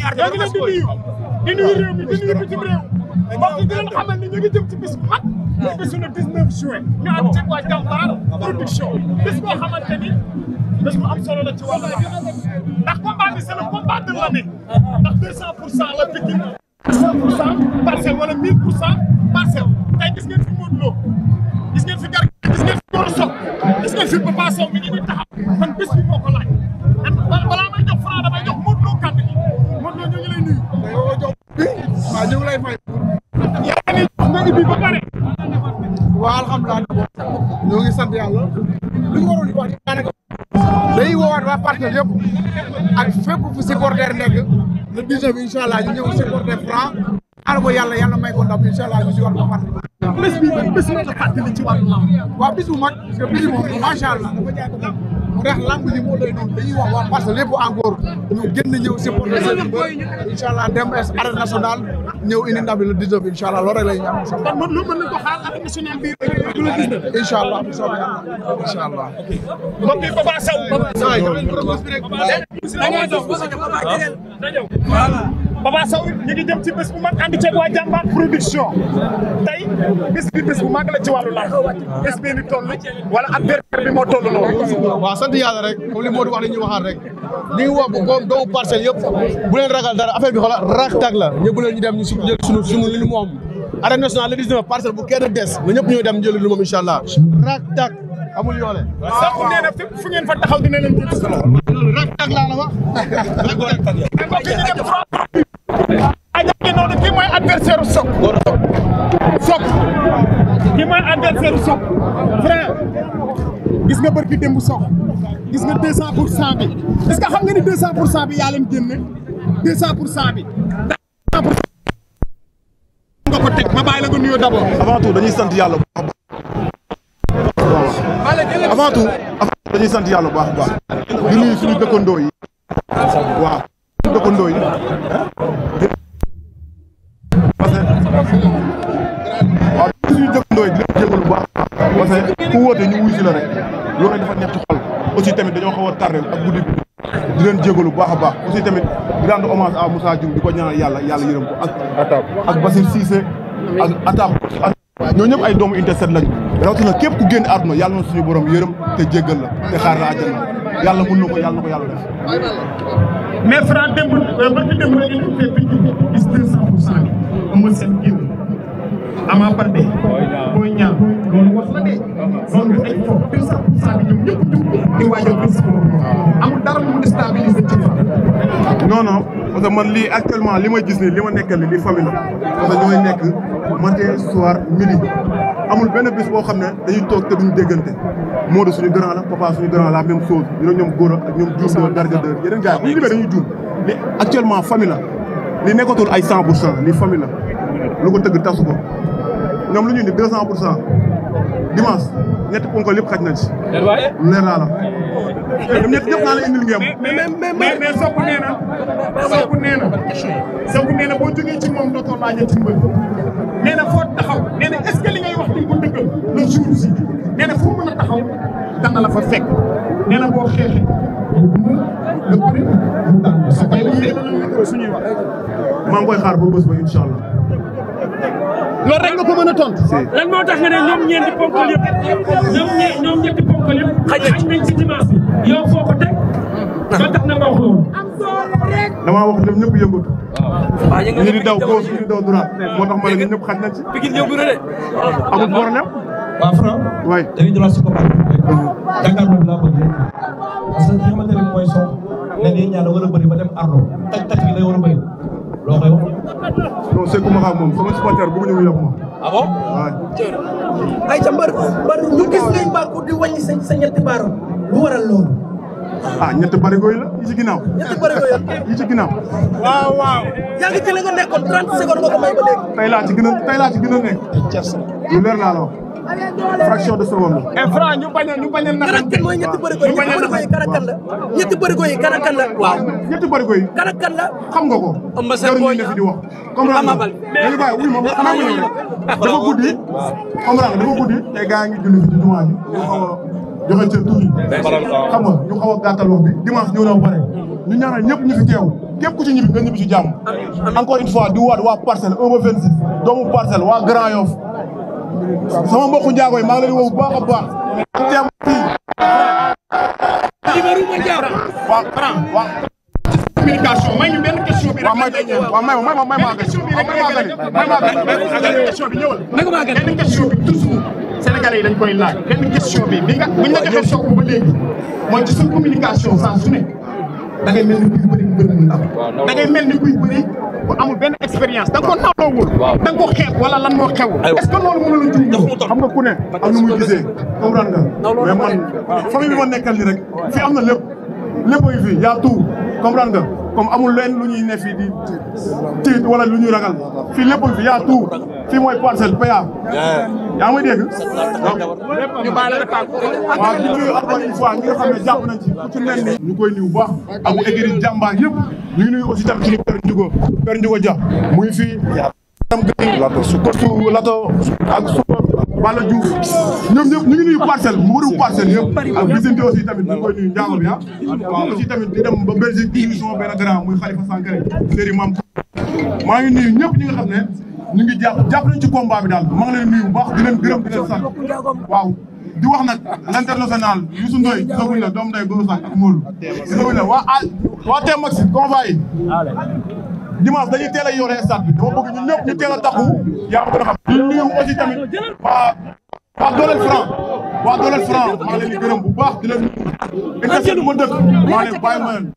ñoo ngi leen di nuyu di nuyu réew mi di nuyu bitim réew parce que di leen xamal ne ñu ngi jëm ci bis bu mag muy bisu le 19 juin ñu am ci waa Jambar production bis boo xamante ni bés bu am solo la ci wàllu ndax combat bi c'est le combat de l'année ndax 200 pour cent la Pikine 200 pour cent parcelle wala 1000 pour cent parcelle tey gis ngeen fi Modou Lo gis ngeen fi Garga gis ngeen fi Gora Sock gis ngeen fi Papa Sow mi ngi taxaw kon bis bi ñoo ngi sant yàlla li ñu waroon wax daanaka day woowaat waa partenaire yëpp ak fépp fu supporter nekk le 19 bi incha allah ñu ñëw supporter Franc may ko ndam incha allah ñu si war ko partenaire. bés bi ban bés la fàttali ci wàllu lamb. waaw bis que bis moom macha allah li moo doy noonu dañuy ñu génn ñëw supporter seen mbër incha allah dem arène nationale. ñëw indi ndam bi le 19 incha allah loolu rek ñaan. kon mën na mën na ko xaar ak national bi incha allah Papa Sow ñu ngi jëm ci bés bu mag production tey bés bi bés bu mag la ci wàllu làmb bés bi rek comme li Modou wax li ñu waxaat rek li ñu wax comme doomu parcelle yëpp bu leen ragal dara affaire bi xoolal raak tag la ñëpp bu dem ñu jël sunu sunu li ñu moom. arène nationale le 19 parcelle bu kenn des na ñëpp ñooy dem jël lu moom allah raak tag amul yoole. waaw sax fu ngeen fa taxaw dina leen jël solo. raak tag laa la wax. adversaire Sokh. Sokh ki mooy adversaire Sokh. frère gis nga barki démb Sokh gis nga 200 pour cent bi est ce que xam nga ni 200 pour cent bi yaa leen génne 200 pour cent bi. nga ko teg ma bàyyi la ko nuyoo d' abord. avant tout dañuy sant yàlla bu baax a baax. avant tout dañuy sant yàlla bu baax a baax. di nuyu suñu dëkkandoo yi. waaw suñu dëkkandoo yi. parce que waaw suñu dëkkandoo yi dinañ jégalu bu baax parce que ku woote ñu wuyu si la rek loolu dafa nekk ci xol aussi tamit dañoo xaw a tardé ak guddi di leen jégalu bu baax a baax aussi tamit grand hommage à Moussa Diouf di ko ñaanal yàlla yàlla yërëm ko ak ak Basir Cissé ak Atam ñoo ñëpp ay doomu Unité 7 lañu rawatina képp ku génn àdduna yàlla na suñu borom yërëm te jéggal la te xaar la àjjana yàlla mën na ko yàlla na ko yàlla def mais mu déstabiliser parce que man lii actuellement li ma gis nii li ma nekkal li famille parce que ñooy nekk matin soir midi amul benn bis boo xam ne dañuy toog te duñ déggante Modou suñu grand la Papa suñu grand la même chose ñu ne ñoom góor ak ñoom Diouf doon Garga dër yeneen gars yi bu ñu limee dañuy actuellement famille la li nekkatul ay san pour cent li famille la lu ko tëgg tasu ko ñoom lu ñu ni 200 pour cent dimanche ñetti ponko lépp xaj na ci. leer naa la. ñoom ñett ñëpp naa la indil ngeen. mais mais mais mais moom dootoo laa ñetti mbër. na la fa fekk nee na boo xeexee mu dund le prix mu tànn. parce que léegi suñuy ngi koy xaar ba bés ba incha allah. loolu rek nga a tontu. lan moo tax nga ne ñoom ñeenti ponkal yëpp na ah. di daw gauche ñu di daw droite moo tax ma ne ñun ñëpp xaj nañ ci. Pikine yëngu na jàkkaar boobu laa bëgg parce que ki xamante ne mooy Sokh ne nii ñaar da war a bëri ba dem ardo taj taj bi day war a bëri loo koy wax. non ma xam moom sama supporter bëgguñu ñu yokk ma. ah bon waaw. ayca mbar mbar ñu gis ngay bàkku di wàññi sa ñetti baaro lu waral loolu. ah ñetti barigo yi la yi ci ginnaaw. yi ci ginnaaw. yaa ngi ci li nga nekkoon 30 secondes nga may ba léegi. tey laa ci gën a tey laa ci la wax. fraction de seconde. et ñu bañ a ñu bañ a naka. kanakan mooy ñetti bërigo yi ñetti bërigo yi kanakan la. ñetti bërigo yi kanakan la. xam nga ko. Eumeu Sène Boy di wax. Ama Baldé dañu bàyyi wuy ma xanaa wuy ma dafa guddi. comprendre ñu xaw a joxe cër ñu a gàttal wax na ba pare. ñu ñaanal ñëpp ñu fi teew képp ku ci ñibbi nga ñibbi ci jàmm. encore une waat waa parcelle 1 sama mbokku njaago yi maa ngi leen di woo bu baax a baax. communication may ñu benn question bi rek may ma may ma may ma question bi benn question bi toujours sénégalais yi dañ koy laaj benn question bi bi nga buñ la joxee soog ba léegi mooy ci sa communication saa su ne da ngay mel ni kuy bëri bëri da ngay mel ni kuy bëri ko amul benn expérience da nga ko naaloowul da nga wala lan moo xew est-ce que loolu mën na la ju xam nga ku ne am na muy ran comprendre nga mais man famille nekkal ni rek fii am na lépp lépp a ngi fii yaa tout nga comme amul leen lu ñuy ne fii di tiit wala lu ñuy ragal fii lépp fi yaa tout fii mooy parcelle paya yaa ngi dégg ñu baal rek waaw di nuyu encore une fois ñi nga xam ne ku ci ni ñu koy nuyu bu baax ak écurie Jàmbaar ñu ngi nuyu aussi tamit suñu père Ndiougo père Ndiougo Dia mu ngi fii am gën lato su kosu lato ak su Balla Diouf ñoom ñëpp ñu ngi nuyu parcelle mu wëru parcelle yëpp ak bisante aussi tamit ñu ngi koy nuyu njaago bi ah waaw aussi tamit di dem ba Belgique di émission benn grand muy ngi nuyu ñëpp ñi xam ne ñu ngi jàpp jàpp nañ ci combat bi daal maa ngi leen nuyu bu baax di leen gërëm di waaw di wax nag l'international Youssou Ndoye gisaguñ la doomu day Dodo Sarr ak Mawlu. gisaguñ la waa waa Temax convois yi dimanche dañuy teel a yore stade bi dama bëgg ñun ñëpp ñu a takku yaa ngi ko xam. ñu nuyu tamit waa waa dooleel waa dooleel franc maa ngi leen di bu baax di leen. intercet bu ma dëkk maa leen